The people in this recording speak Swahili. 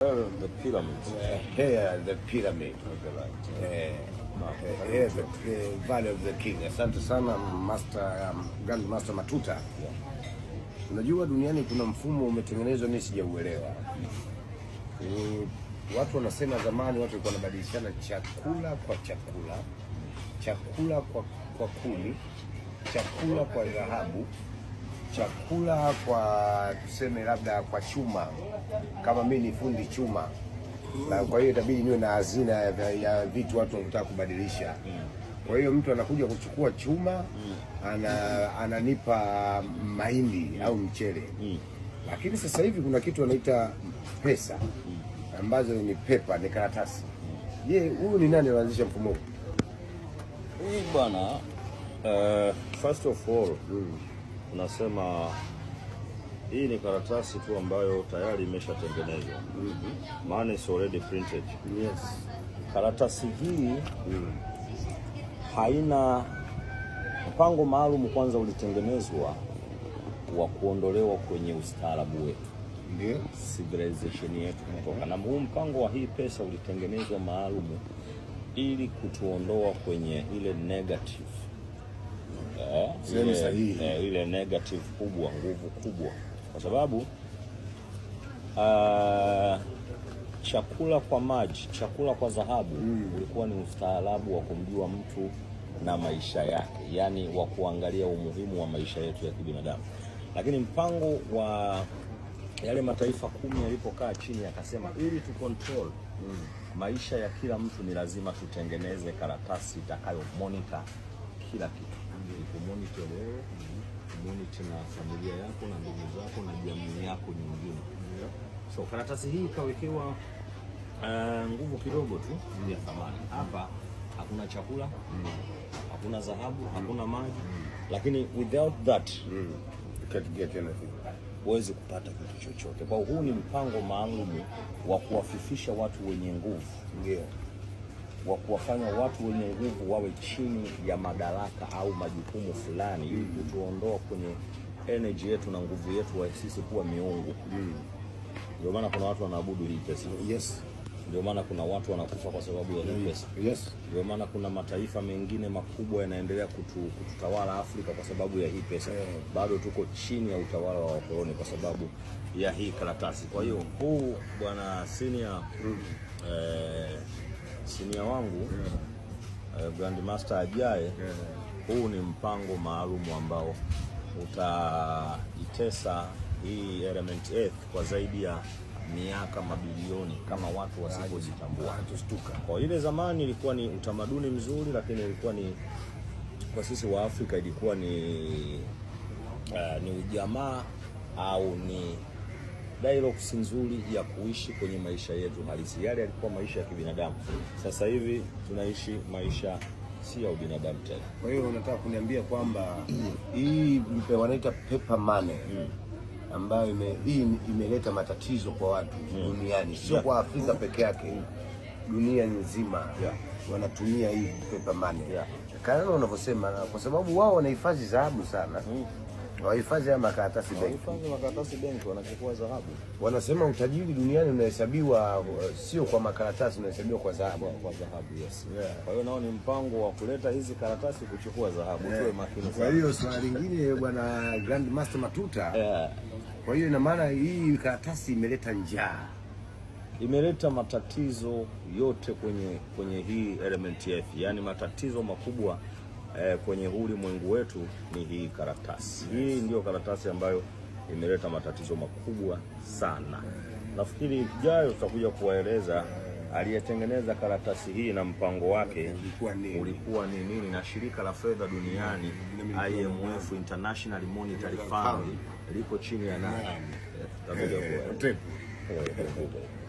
the pyramids. Uh, here, the pyramid. Okay, right. uh, here, the the Valley of the King. Asante sana master, um, Grand Master Matuta. Yeah. Unajua Duniani kuna mfumo umetengenezwa, mimi sijauelewa. Uh, watu wanasema zamani watu walikuwa wanabadilishana chakula kwa chakula, chakula kwa, kwa kuni, chakula kwa dhahabu chakula kwa tuseme labda kwa chuma, kama mimi ni fundi chuma na kwa hiyo itabidi niwe na hazina ya vitu watu wanataka kubadilisha. Kwa hiyo mtu anakuja kuchukua chuma ana, ananipa mahindi au mchele, lakini sasa hivi kuna kitu anaita pesa ambazo ni pepa, ni karatasi. Je, huyu ni nani anaanzisha mfumo huu bwana? Uh, first of all mm unasema hii ni karatasi tu ambayo tayari imeshatengenezwa, maana mhm. is already printed. Yes. Karatasi hii mm. haina mpango maalum, kwanza ulitengenezwa wa kuondolewa kwenye ustaarabu wetu ndio civilization yetu mhm. kutoka na huu mpango wa hii pesa ulitengenezwa maalum ili kutuondoa kwenye ile negative ile negative kubwa, nguvu kubwa, kwa sababu uh, chakula kwa maji, chakula kwa dhahabu mm. ulikuwa ni ustaarabu wa kumjua mtu na maisha yake, yaani wa kuangalia umuhimu wa maisha yetu ya kibinadamu. Lakini mpango wa yale mataifa kumi yalipokaa chini yakasema, ili tu control mm. maisha ya kila mtu, ni lazima tutengeneze karatasi itakayo monitor kila kitu ni kumoniti wewe, kumoniti na familia yako na ndugu zako na jamii yako nyingine. So karatasi hii ikawekewa uh, nguvu kidogo tu ya thamani hapa. Hakuna chakula, hakuna dhahabu, hakuna maji, lakini without that huwezi kupata kitu chochote. Kwa huu ni mpango maalum wa kuwafifisha watu wenye nguvu, ndio wa kuwafanya watu wenye nguvu wawe chini ya madaraka au majukumu fulani, ili kutuondoa kwenye energy yetu na nguvu yetu wa sisi kuwa miungu. Ndio maana kuna watu wanaabudu hii pesa. Yes. Ndio maana kuna watu wanakufa kwa sababu ya hii pesa. Yes. Ndio maana kuna mataifa mengine makubwa yanaendelea kutu, kututawala Afrika kwa sababu ya hii pesa. Yeah. Bado tuko chini ya utawala wa wakoloni kwa sababu ya hii karatasi. Kwa hiyo huu bwana senior mm. eh, sinia wangu yeah. uh, Grandmaster ajaye yeah. Huu ni mpango maalum ambao utaitesa hii Element Earth kwa zaidi ya miaka mabilioni kama watu wasipojitambua. Kwa ile zamani ilikuwa ni utamaduni mzuri, lakini ilikuwa ni kwa sisi wa Afrika ilikuwa ni uh, ni ujamaa au ni dialogues nzuri ya kuishi kwenye maisha yetu halisi. Yale yalikuwa maisha ya kibinadamu, sasa hivi tunaishi maisha si ya ubinadamu tena. Kwa hiyo unataka kuniambia kwamba hii wanaita paper money mm ambayo hii ime, imeleta matatizo kwa watu yeah. duniani sio yeah. kwa Afrika peke yake dunia nzima yeah. wanatumia hii paper money yeah. kama unavyosema, kwa sababu wao wanahifadhi dhahabu sana mm hawahifadhi haya makaratasi benki, hawahifadhi makaratasi benki, wanachukua dhahabu. Wanasema utajiri duniani unahesabiwa sio kwa makaratasi, unahesabiwa kwa dhahabu, kwa dhahabu. Yes, yeah. Kwa hiyo nao ni mpango wa kuleta hizi karatasi kuchukua dhahabu, yeah. Tuwe makini. Kwa hiyo swali lingine bwana Grand Master Matuta, yeah. Kwa hiyo ina maana hii karatasi imeleta njaa imeleta matatizo yote kwenye kwenye hii element yetu, yaani matatizo makubwa eh, kwenye huli ulimwengu wetu ni hii karatasi. Hii ndiyo karatasi ambayo imeleta matatizo makubwa sana. Nafikiri ijayo tutakuja kuwaeleza aliyetengeneza karatasi hii na mpango wake ulikuwa ni nini, na shirika la fedha duniani IMF International Monetary Fund liko chini ya nani? Eh, eh,